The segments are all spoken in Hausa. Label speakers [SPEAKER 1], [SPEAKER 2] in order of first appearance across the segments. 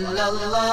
[SPEAKER 1] sallallahu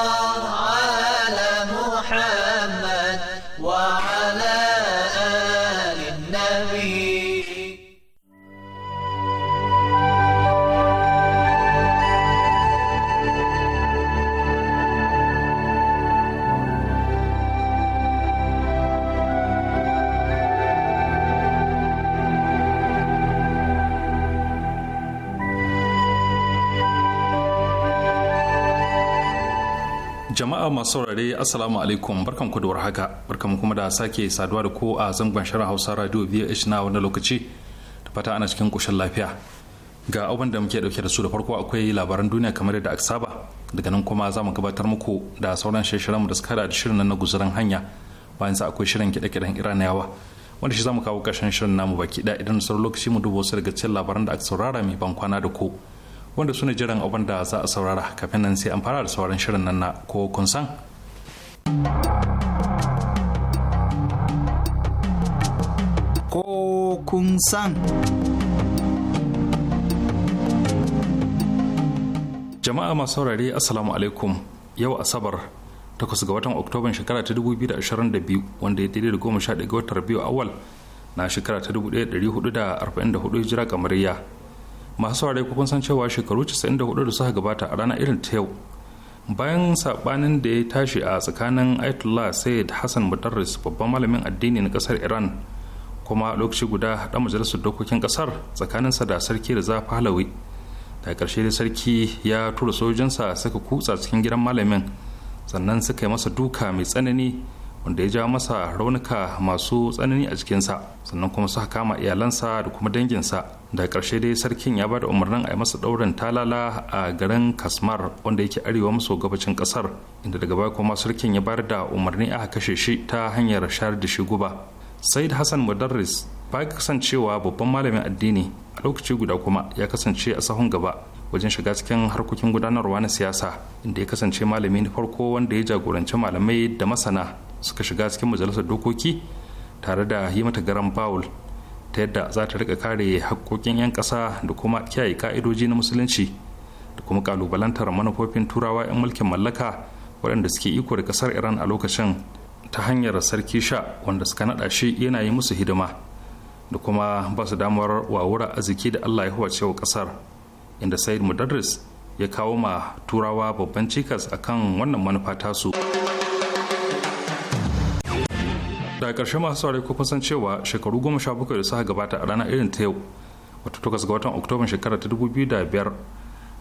[SPEAKER 2] masu saurare assalamu alaikum barkan ku da warhaka barkan kuma da sake saduwa da ku a zangon shirin hausa radio vh na wani lokaci da fata ana cikin kushin lafiya ga abin da muke dauke da su da farko akwai labaran duniya kamar yadda aka saba daga nan kuma za mu gabatar muku da sauran shirin mu da suka da shirin nan na guzuran hanya bayan sa akwai shirin kiɗe-kiɗen yawa wanda shi za mu kawo ƙarshen shirin namu baki ɗaya idan sauran lokaci mu duba wasu daga cikin labaran da aka saurara mai ban kwana da ku wanda suna jiran abin da za a saurara kafin nan sai an fara da sauran shirin nan na ko kun san.
[SPEAKER 3] Ko kun san.
[SPEAKER 2] Jama'a masu saurare Assalamu alaikum yau Asabar takwas ga watan Oktoban shekara ta 2022 wanda ya daidai da goma sha ga watar biyu awal na shekara ta 1444 hijira kamariya masu ware kun san cewa shekaru 94 da suka gabata a ranar irin ta yau bayan sabanin da ya tashi a tsakanin ayatollah sayyid hassan mudarris babban malamin addini na kasar iran kuma lokaci guda dan majalisar dokokin kasar sa da sarki da zafi da karshe da sarki ya tura sojojinsa suka kutsa cikin gidan malamin sannan suka yi masa duka mai tsanani wanda ya ja masa raunuka masu tsanani a jikinsa sannan kuma suka kama iyalansa da kuma danginsa da ƙarshe dai sarkin ya ba da umarnin a yi masa ɗaurin talala a garin kasmar wanda yake arewa maso gabacin kasar inda daga baya kuma sarkin ya bayar da umarni aka kashe shi ta hanyar shayar da shi guba said hassan mudarris ba kasancewa babban malamin addini a lokaci guda kuma ya kasance a sahun gaba wajen shiga cikin harkokin gudanarwa na siyasa inda ya kasance malami na farko wanda ya jagoranci malamai da masana suka shiga cikin majalisar dokoki tare da yi mata garan bawul ta yadda za ta rika kare haƙƙoƙin 'yan ƙasa da kuma kiyaye ka'idoji na musulunci da kuma kalubalantar manufofin turawa 'yan mulkin mallaka waɗanda suke iko da ƙasar iran a lokacin ta hanyar sarki sha wanda suka naɗa shi yana yi musu hidima da kuma ba su damar wawura arziki da allah ya huwace wa ƙasar inda said mudarris ya kawo ma turawa babban cikas akan wannan manufa tasu. daga ƙarshe masu saurari ko san cewa shekaru goma sha bakwai da suka gabata a ranar irin ta yau wata takwas ga watan oktoban shekara ta dubu biyu da biyar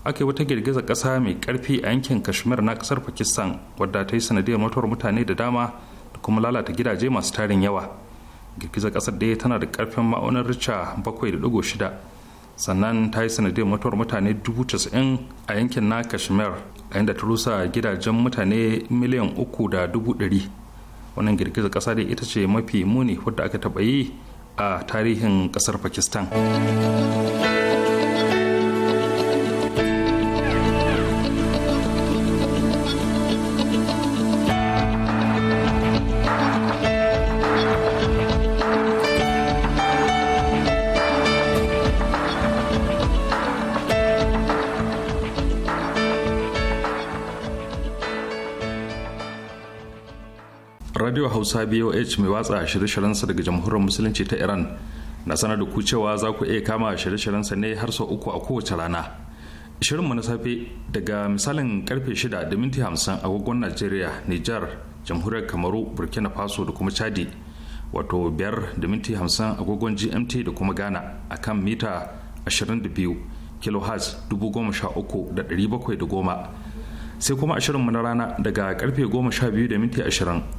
[SPEAKER 2] aka yi wata girgizar ƙasa mai ƙarfi a yankin kashmir na ƙasar pakistan wadda ta yi sanadiyar mutuwar mutane da dama da kuma lalata gidaje masu tarin yawa girgizar ƙasar daya tana da ƙarfin ma'aunin rica bakwai da ɗigo shida sannan ta yi sanadiyar mutuwar mutane dubu casa'in a yankin na kashmir a inda ta rusa gidajen mutane miliyan uku da dubu ɗari wannan girgizar kasa dai ita ce mafi muni wadda aka taɓa yi a tarihin ƙasar pakistan hausa boh mai watsa shirye-shiryensa daga jamhuriyar musulunci ta iran na sanar da ku cewa za ku iya kama shirye-shiryensa ne har sau uku a kowace rana shirinmu na safe daga misalin karfe shida da minti hamsin agogon najeriya nijar jamhuriyar kamaru burkina faso da kuma chadi wato 5 da minti 50 agogon gmt da kuma ghana a kan mita 22 da 13710 sai kuma ashirinmu na rana daga karfe 12 da minti 20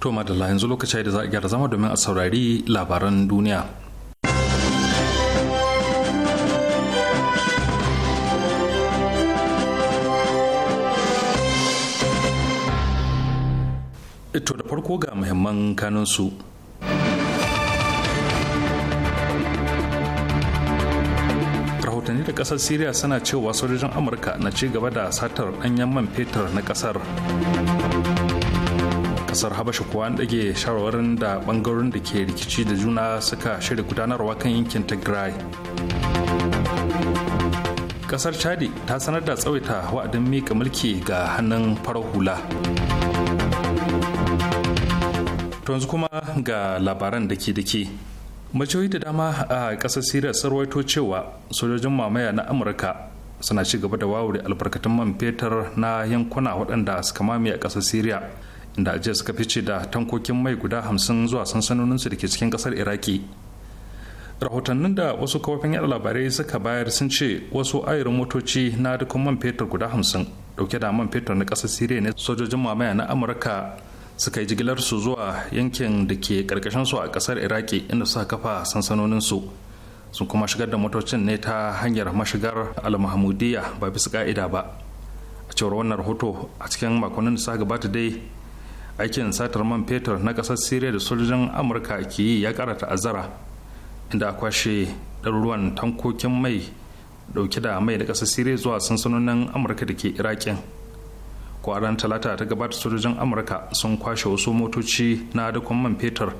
[SPEAKER 2] To madalla yanzu lokaci da za a gyara zama domin a saurari labaran duniya. Ito da farko ga muhimman kanunsu. rahotanni da kasar siriya suna cewa sojojin amurka na ci gaba da satar ɗanyen man fetur na kasar kasar habasha kuwa an ɗage shawarwarin da ɓangarorin da ke rikici da juna suka shirya gudanarwa kan yankin tigray kasar chadi ta sanar da tsawaita wa'adin mika mulki ga hannun farar hula yanzu kuma ga labaran da ke dake maciyoyi da dama a kasar siriya sarwaito cewa sojojin mamaya na amurka suna ci gaba da wawure albarkatun man fetur na yankuna waɗanda suka mamaye a kasar siriya inda algeria suka fice da tankokin mai guda hamsin zuwa sansanoninsu da ke cikin kasar iraki rahotannin da wasu kawafin yada labarai suka bayar sun ce wasu ayyarin motoci na dukkan man fetur guda hamsin dauke da man fetur na kasar siriya ne sojojin mamaya na amurka suka yi jigilar su zuwa yankin da ke karkashin su a kasar iraki inda suka kafa sansanonin su sun kuma shigar da motocin ne ta hanyar mashigar al-mahmudiyya ba bisa ka'ida ba a cewar wannan rahoto a cikin makonnin da suka gabata dai aikin satar man fetur na kasar siriya da sojojin amurka ke yi ya a ta'azzara inda a kwashe ɗaruruwan tankokin mai dauke da mai da kasar siriya zuwa sansanonin amurka da ke irakin kwaran talata ta gabata sojojin amurka sun kwashe wasu motoci na dakon man fetur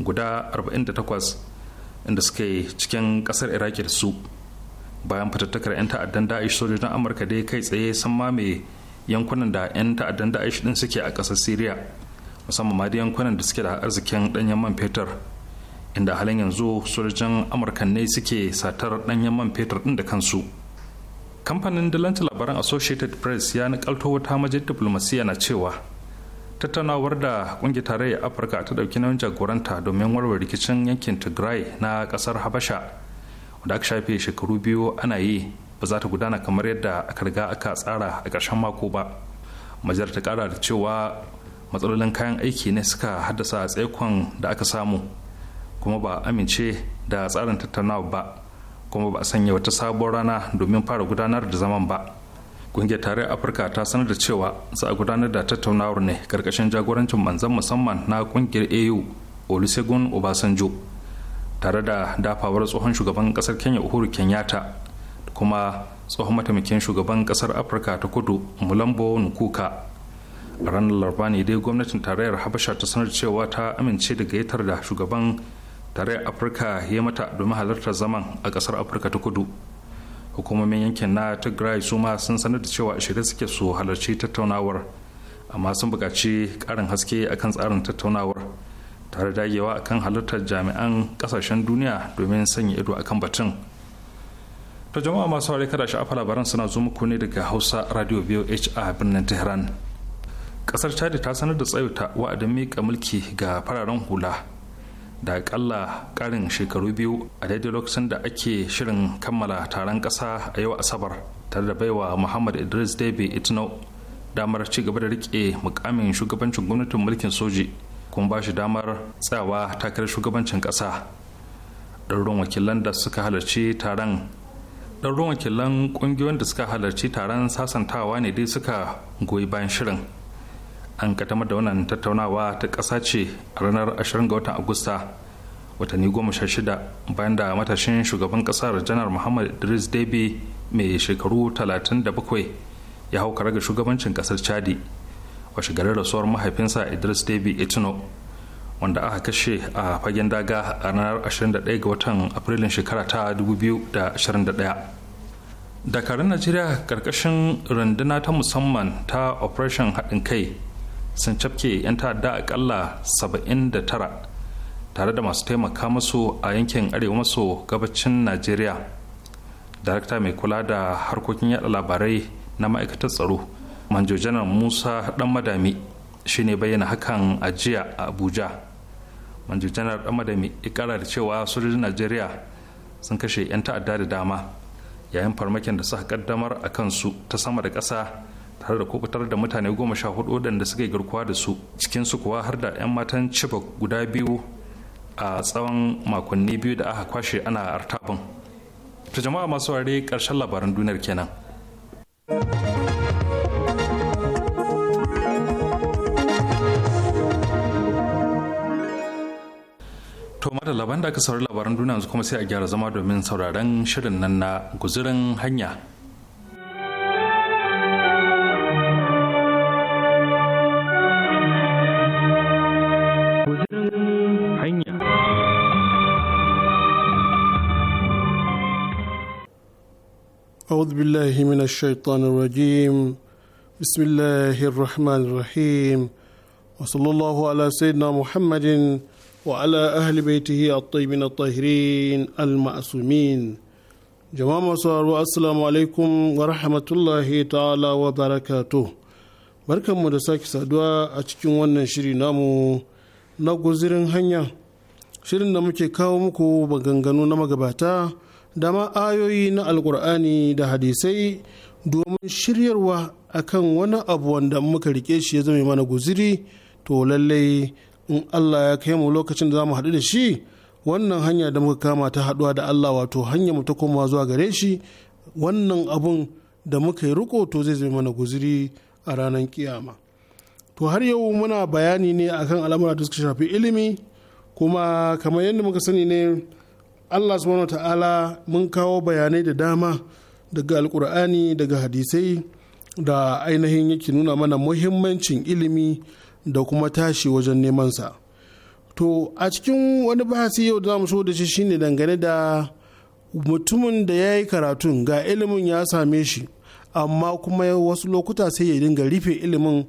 [SPEAKER 2] guda 48 inda suke cikin kasar iraki da su bayan fitattakar 'yan ta'addan da'ish sojojin amurka dai kai tsaye sun mame. yankunan da 'yan ta'addan da'ish din suke a ƙasar syria musamman ma da yankunan da suke da arzikin ɗanyen man fetur inda halin yanzu sojojin amurka ne suke satar ɗanyen man fetur ɗin da kansu kamfanin dalanta labaran associated press ya nakalto wata majalisar diplomasiya na cewa tattaunawar da kungiyar tarayyar afirka ta ɗauki nauyin jagoranta domin warware rikicin yankin tigray na kasar habasha wanda aka shafe shekaru biyu ana yi ba za ta gudana kamar yadda aka riga aka tsara a ƙarshen mako ba majalar ta kara da cewa matsalolin kayan aiki ne suka haddasa tsaikon da aka samu kuma ba amince da tsarin tattaunawa ba kuma ba a sanya wata sabuwar rana domin fara gudanar da zaman ba ƙungiyar tarayyar afirka ta sanar da cewa za a gudanar da tattaunawar ne karkashin jagorancin manzan musamman na ƙungiyar au olusegun obasanjo tare da dafawar tsohon shugaban kasar kenya uhuru kenyatta kuma tsohon mataimakin shugaban kasar afirka ta kudu mulambo nukuka a ranar laraba ne dai gwamnatin tarayyar habasha ta sanar cewa ta amince da gayyatar da shugaban tarayyar afirka ya mata domin halartar zaman a kasar afirka ta kudu hukumomin yankin na tigray su ma sun sanar da cewa shirye suke su halarci tattaunawar amma sun buƙaci ƙarin haske akan tsarin tattaunawar tare dagewa akan halartar jami'an ƙasashen duniya domin sanya ido akan batun to jama'a masu haure kada sha'afa labaran suna zo muku ne daga hausa radio voh a birnin tehran kasar chad ta sanar da tsayuta wa'adin miƙa mulki ga fararen hula da kalla karin shekaru biyu a daidai lokacin da ake shirin kammala taron ƙasa a yau asabar tare da baiwa muhammad idris debe itno damar ci gaba da rike mukamin shugabancin gwamnatin mulkin soji kuma ba shi damar tsayawa takarar shugabancin ƙasa ɗarurin wakilan da suka halarci taron ruwan wakilan ƙungiyoyin da suka halarci taron sasantawa ne dai suka goyi bayan shirin an kaddamar da wannan tattaunawa ta ƙasa ce a ranar 20 ga watan agusta watanni goma sha shida bayan da matashin shugaban ƙasar janar muhammad idris debi mai shekaru 37 ya hau ga shugabancin ƙasar chadi washe garin rasuwar mahaifinsa idris debi etino wanda aka kashe a fagen daga a ranar 21 ga watan afrilun shekara ta 2021 dakarun najeriya karkashin runduna ta musamman ta operation haɗin kai sun cafke 'yan ta'adda akalla 79 tare da masu taimaka masu a yankin arewa maso gabacin najeriya darakta mai kula da harkokin yada labarai na ma'aikatar tsaro manjojanar musa dan madami shine bayyana hakan a jiya a abuja manjo janar dan ikara da cewa sojojin najeriya sun kashe 'yan ta'adda da dama yayin farmakin da suka kaddamar a kansu ta sama da ƙasa tare da kubutar da mutane goma sha hudu wadanda suka yi garkuwa da su cikin su kuwa har da 'yan matan chibok guda biyu a tsawon makonni biyu da aka kwashe ana artabin ta jama'a masu ware karshen labaran duniyar kenan. To da laban da aka saurari labaran duniya yanzu kuma sai a gyara zama domin sauraron shirin nan na guzurin hanya.
[SPEAKER 4] أعوذ بالله من الشيطان الرجيم بسم الله الرحمن الرحيم وصلى الله على سيدنا محمد وعلى أهل بيته الطيبين الطاهرين المعصومين jama'a masu haro assalamu alaikum wa rahmatullahi ta'ala wa barakatuh barkanmu da sake saduwa a cikin wannan shiri namu na guzirin hanya shirin da muke kawo muku maganganu na magabata da ma ayoyi na alkur'ani da hadisai domin shiryarwa akan wani abu wanda muka rike shi ya zama mana guziri to lallai in Allah ya kai mu lokacin da za mu haɗu da shi wannan hanya da muka kama ta haɗuwa da Allah wato hanya mu ta koma zuwa gare shi wannan abun da muka yi riko to zai zama mana guziri a ranar kiyama to har yau muna bayani ne akan al'amura da suka shafi ilimi kuma kamar yadda muka sani ne Allah subhanahu ta'ala mun kawo bayanai da dama daga alkur'ani daga hadisai da ainihin yake nuna mana muhimmancin ilimi da kuma tashi wajen nemansa to a cikin wani bahasi yau da mu so da shi shine dangane da mutumin da ya yi karatun ga ilimin ya same shi amma kuma wasu lokuta sai ya dinga rife ilimin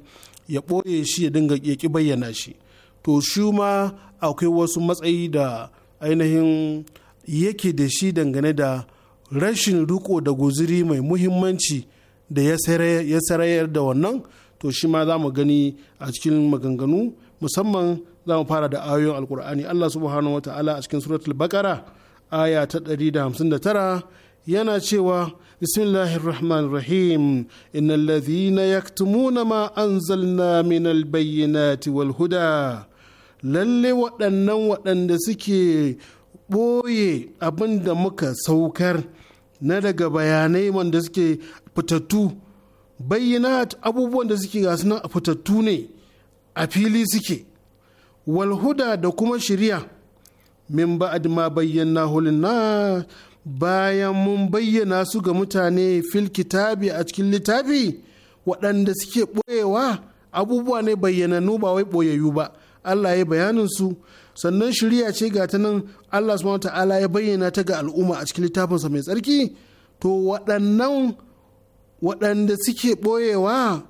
[SPEAKER 4] ya ɓoye shi ya dinga ƙi bayyana shi to shi ma akwai wasu matsayi da ainihin yake da shi dangane da rashin riko da guziri mai muhimmanci da ya sarayar da wannan to shi ma za mu gani a cikin maganganu musamman za mu fara da ayoyin alkur'ani allah subhanahu wa ta'ala a cikin suratul bakara aya ta tara yana cewa bismillahir rahmanir rahim innal ladhina yaktumuna ma anzalna minal bayyinati wal huda lalle waɗannan waɗanda suke ɓoye abinda muka saukar na daga bayanai wanda suke fitattu Bayyana abubuwan da suke gasu nan a fitattu ne a fili suke walhuda da kuma shirya min ba'ad ma bayyana hulina bayan mun bayyana su ga mutane fil kitabi a cikin littafi waɗanda suke ɓoyewa abubuwa ne bayyananu ba wai ɓoyayyu ba Allah ya bayanin su sannan shirya ce ga ta nan Allah subhanahu ta'ala ya bayyana ta ga al'umma a cikin littafinsa mai tsarki to waɗannan waɗanda suke ɓoyewa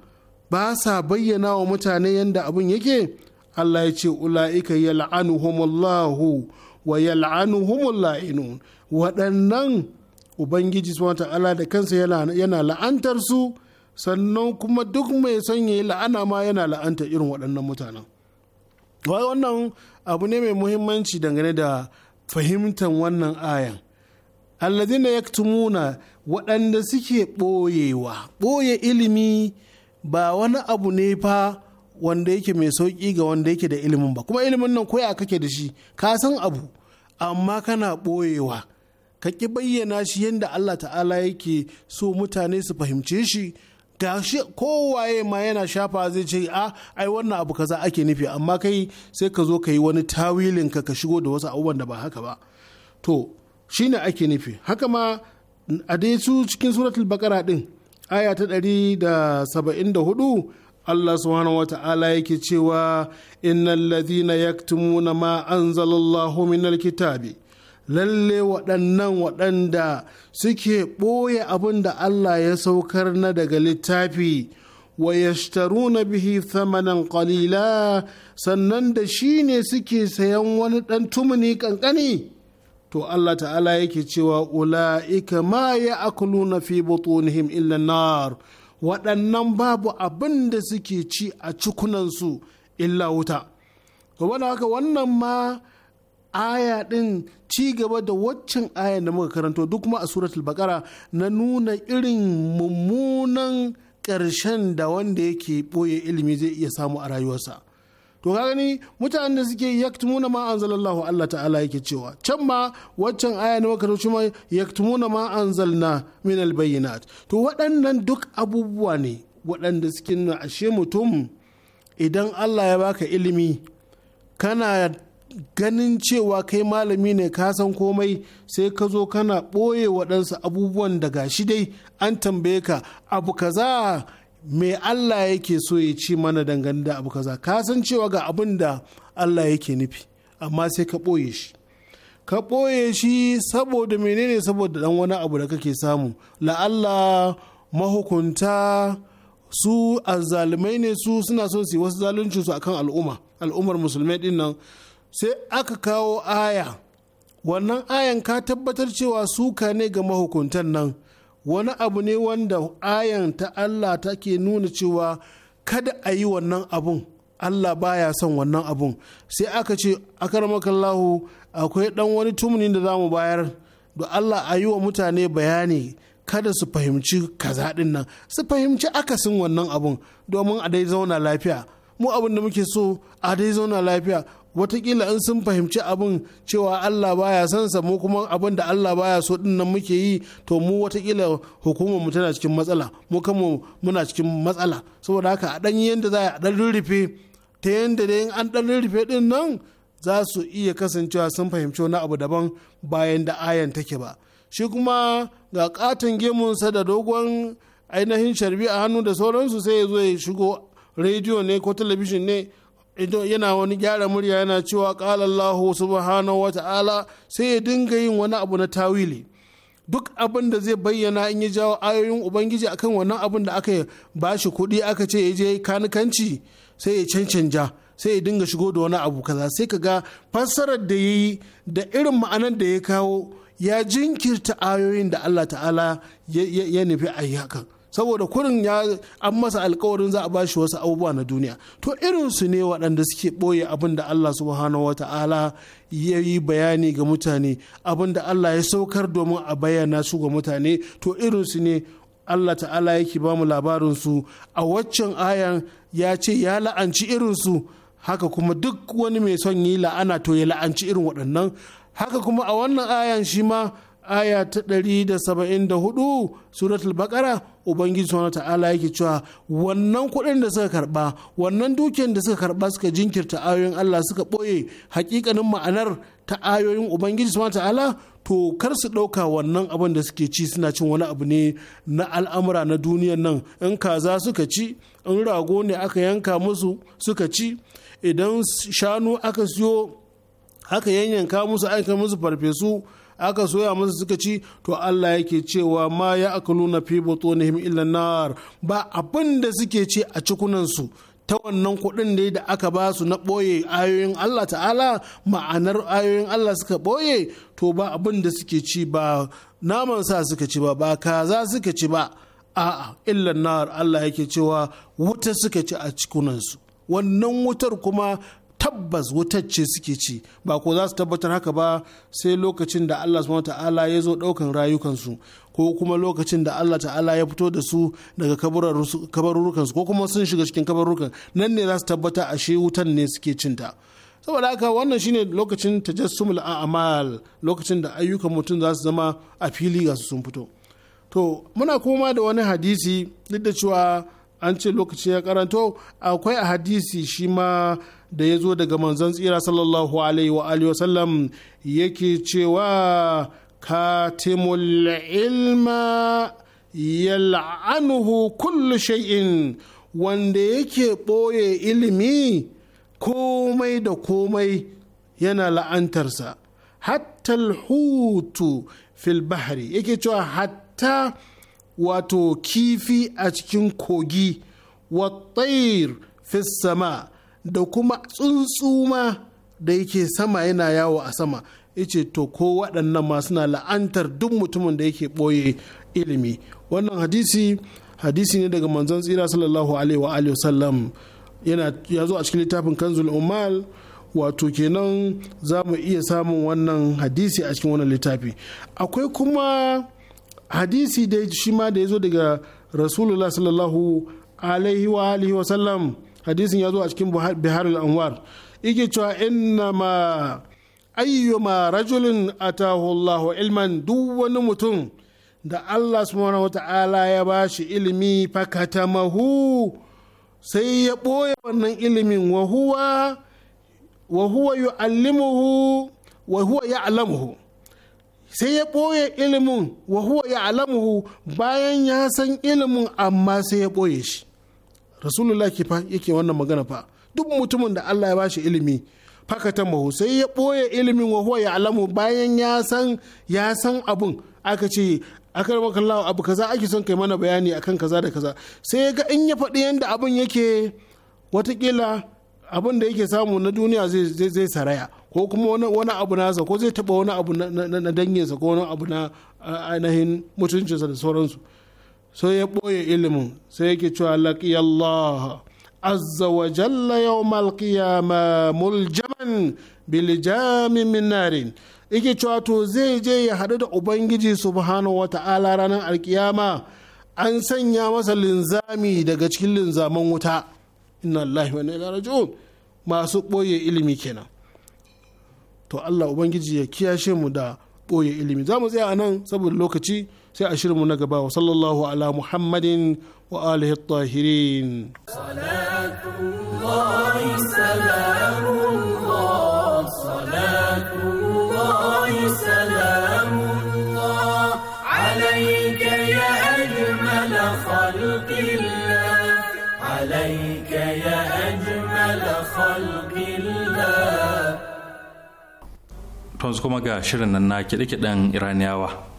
[SPEAKER 4] ba sa bayyana wa mutane yadda abin yake Allah ya ce ula'ika yal'anuhumullahu wa yal'anuhumul la'inun waɗannan ubangiji subhanahu ta'ala da kansa yana la'antar su sannan kuma duk mai son yayi la'ana ma yana la'antar irin waɗannan mutanen wai wannan abu ne mai muhimmanci dangane da fahimtar wannan ayan na yaktumuna waɗanda suke ɓoyewa ɓoye ilimi ba wani abu ne fa wanda yake mai sauƙi ga wanda yake da ilimin ba kuma ilimin nan koya kake da shi ka san abu amma kana ɓoyewa ka ƙi bayyana shi yadda Allah ta'ala yake so mutane su fahimce shi ga shi kowaye ma yana shafa zai ce a ah, ai wannan abu kaza ake nufi amma kai sai ka zo ka yi wani tawilinka ka ka shigo da wasu abubuwan da ba haka ba to shine ake nufi haka ma a dai su cikin suratul bakara din aya ta 174 Allah subhanahu wata'ala yake cewa innal ladhina yaktumuna ma anzalallahu minal kitabi lalle waɗannan waɗanda suke ɓoye abin da Allah ya saukar na daga littafi wa yashtaruna bihi thamanan qalila sannan da shi ne suke sayan wani ɗan tumuni ƙanƙani to Allah ta'ala yake cewa ula'ika ma ya na fi butunihim illa nar waɗannan babu abin da suke ci a cikunansu illa wuta to bana haka wannan ma aya ɗin ci gaba da waccan aya na muka karanto duk kuma a suratul bakara na nuna irin mummunan ƙarshen da wanda yake ɓoye ilimi zai iya samu a rayuwarsa to ka gani mutanen da suke yaktumuna ma anzalallahu Allah ta'ala yake cewa can ma waccan aya ne maka tauci ma yaktumuna ma anzalna min albayyinat to waɗannan duk abubuwa ne waɗanda suke nuna ashe mutum idan Allah ya baka ilimi kana ganin cewa kai malami ne ka san komai sai ka zo kana ɓoye waɗansu abubuwan daga shi dai an tambaye ka abu kaza me Allah yake so ya ci mana dangane da abu kaza ka san cewa ga abin da Allah yake nufi amma sai ka ɓoye shi ka ɓoye shi saboda menene saboda dan wani abu da kake samu la'alla mahukunta su azzalumai ne su suna so su wasu zalunci su akan al'umma al'ummar musulmai din nan sai aka kawo aya wannan ayan ka tabbatar cewa suka ne ga mahukuntan nan wani abu ne wanda ayan ta Allah take nuna cewa kada a yi wannan abun Allah baya son wannan abun sai aka ce akaramakallahu akwai dan wani tumuni da za mu bayar da Allah a yi wa mutane bayani kada su fahimci kaza din nan su fahimci akasin wannan abun domin a dai zauna lafiya mu abin da muke so a dai zauna lafiya watakila in sun fahimci abin cewa Allah baya son sa mu kuma abin da Allah baya so din nan muke yi to mu watakila hukumar mu tana cikin matsala mu kanmu muna cikin matsala saboda haka a dan yanda za a dan rurrufe ta yanda da an dan rurrufe din nan za su iya kasancewa sun fahimci wani abu daban bayan da ayan take ba shi kuma ga katon sa da dogon ainihin sharbi a hannu da sauransu sai ya zo ya shigo rediyo ne ko talabijin ne ido yana wani gyara murya yana cewa ƙalallahu subhanahu wa ta'ala sai ya dinga yin wani abu na tawili duk abin da zai bayyana in ya jawo ayoyin ubangiji akan wannan abin da aka ba shi kuɗi aka ce ya je kanikanci sai ya cancanja sai ya dinga shigo da wani abu kaza sai ka ga fassarar da ya yi da irin ma'anar da ya kawo ya jinkirta ayoyin da Allah ta'ala ya nufi a yi hakan saboda kurin ya an masa alkawarin za a ba shi wasu abubuwa na duniya to irinsu ne waɗanda suke ɓoye abin da Allah subhanahu wata'ala ya yi bayani ga mutane abin da Allah ya saukar domin a bayyana su ga mutane to irin ne Allah ta'ala yake ba mu labarin a waccan ayan ya ce ya la'anci irinsu. haka kuma duk wani mai son yi la'ana to ya la'anci irin waɗannan haka kuma a wannan ayan shi ma aya ta ɗari da da hudu suratul bakara ubangiji suna ta'ala yake cewa wannan kuɗin da suka karba wannan dukiyar da suka karba suka jinkirta ayoyin Allah suka ɓoye hakikanin ma'anar ta ayoyin ubangiji suna ta'ala to kar su ɗauka wannan abin da suke ci suna cin wani abu ne na al'amura na duniyan nan in kaza suka ci in rago ne aka yanka musu suka ci idan shanu aka siyo aka yanyanka musu aka musu farfesu aka soya masa suka ci to Allah yake cewa ma ya aka nuna fi butunihim illa nar ba abin da suke ci a cikunan su ta wannan kuɗin da da aka ba su na ɓoye ayoyin Allah ta'ala ma'anar ayoyin Allah suka ɓoye to ba abin da suke ci ba naman sa suka ci ba ba kaza suka ci ba a'a illa nar Allah yake cewa wuta suka ci a cikunansu wannan wutar kuma tabbas wutar ce suke ci ba ko za su tabbatar haka ba sai lokacin da Allah subhanahu ta'ala ya zo daukan rayukansu ko kuma lokacin da Allah ta'ala ya fito da su daga kabarurukansu ko kuma sun shiga cikin kabarurukan nan ne za su tabbata ashe wutan ne suke cinta saboda haka wannan shine lokacin tajassumul a'mal lokacin da ayyukan mutum za su zama a fili ga su sun fito to muna kuma da wani hadisi duk da cewa an ce lokacin ya karanto akwai a hadisi shi ma da ya zo daga manzon tsira sallallahu alaihi wa alihi wasallam yake cewa katimul ilma yal'anuhu kullu shay'in wanda yake ɓoye ilimi komai da komai yana la'antarsa hatta hutu fil bahri yake cewa hatta wato kifi a cikin kogi wa fis sama da kuma tsuntsuma da yake sama yana yawo a sama yace to ko waɗannan ma suna la'antar duk mutumin da yake ɓoye ilimi wannan hadisi hadisi ne daga manzon tsira sallallahu alaihi wa alihi wasallam yana ya zo a cikin littafin kanzul umal wato kenan za mu iya samun wannan hadisi a cikin wannan littafi akwai kuma hadisi da shi ma da ya zo daga rasulullah sallallahu alaihi wa alihi wasallam hadisin ya zo a cikin bihar anwar yake cewa inna ma ayyuma rajulin atahu Allahu ilman duk wani mutum da Allah subhanahu wata'ala ya ba shi ilimi fakatamahu sai ya ɓoye wannan ilimin wa huwa wa huwa yu'allimuhu wa sai ya ɓoye ilimin wa huwa ya'lamuhu bayan ya san ilimin amma sai ya ɓoye shi rasulullah ke fa yake wannan magana fa duk mutumin da Allah ya bashi ilimi fakatan mahu sai ya boye ilimin wa ya alamu bayan ya san ya san abun aka ce akar makallawa abu kaza ake son kai mana bayani akan kaza da kaza sai ya ga in ya faɗi yadda abun yake watakila abun da yake samu na duniya zai saraya ko kuma wani abu nasa ko zai taba wani abu na danginsa ko wani abu na ainihin mutuncinsa da sauransu So ya ɓoye ilimin sai yake cewa Allah azza wa jalla yawmal qiyama muljaman bil jami min narin yake cewa to zai je ya haɗu da ubangiji subhanahu wa ta'ala ranar alkiyama an sanya masa linzami daga cikin linzaman wuta inna Allah wa inna raji'un masu ɓoye ilimi kenan to Allah ubangiji ya kiyashe mu da ɓoye ilimi za mu tsaya anan nan saboda lokaci sai a shirinmu na gaba wa sallallahu ala muhammadin wa alihi tahirin
[SPEAKER 1] عليك يا أجمل خلق الله.
[SPEAKER 2] Tunzu kuma ga shirin nan na kiɗe-kiɗen Iraniyawa.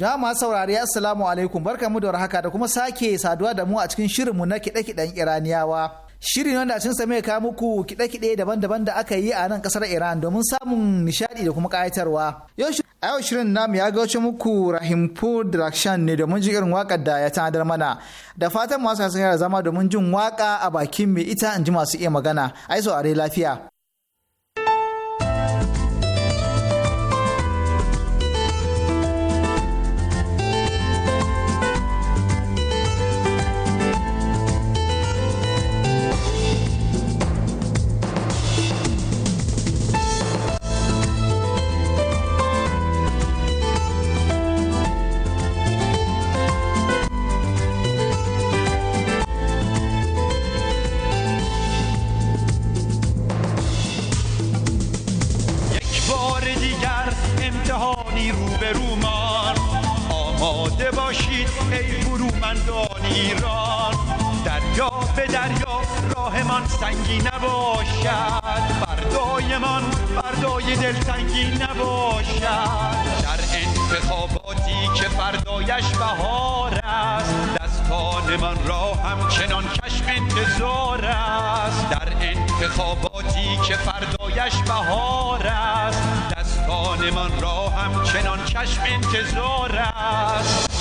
[SPEAKER 4] jama saurari Assalamu alaikum barkamu da warhaka da kuma sake saduwa da mu a cikin shirinmu na kiɗe-kiɗen Iraniyawa. shirin wanda sun same ka muku kide-kide daban-daban da aka yi a nan kasar Iran domin samun nishadi da kuma kayatarwa. A yau shirin namu ya gauce muku Rahimpur Drakshan ne domin jin irin waƙar da ya tanadar mana. Da fatan masu hasken zama domin jin waka a bakin mai ita in ji masu iya magana. Ai a lafiya.
[SPEAKER 3] باشید ای برومندان ایران دریا به دریا راهمان سنگی نباشد فردایمان فردای دلتنگی نباشد در انتخاباتی که فردایش بهار است من را همچنان کشف انتظار است در انتخاباتی که فردایش بهار است من را همچنان کشف انتظار است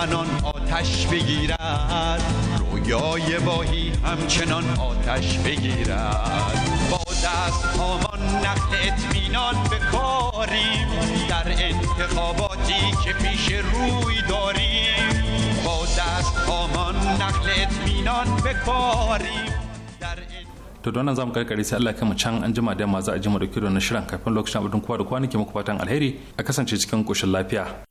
[SPEAKER 3] همچنان آتش بگیرد رویای واهی همچنان آتش بگیرد با دست هامان نقل اطمینان به کاریم در انتخاباتی که پیش روی داریم با دست هامان نقل اطمینان به کاریم
[SPEAKER 2] to don nan zamu karkare sai Allah kama can an jima da yamma za a jima da kiro na shirin kafin lokacin abin kowa da kwanaki muku fatan alheri a kasance cikin koshin lafiya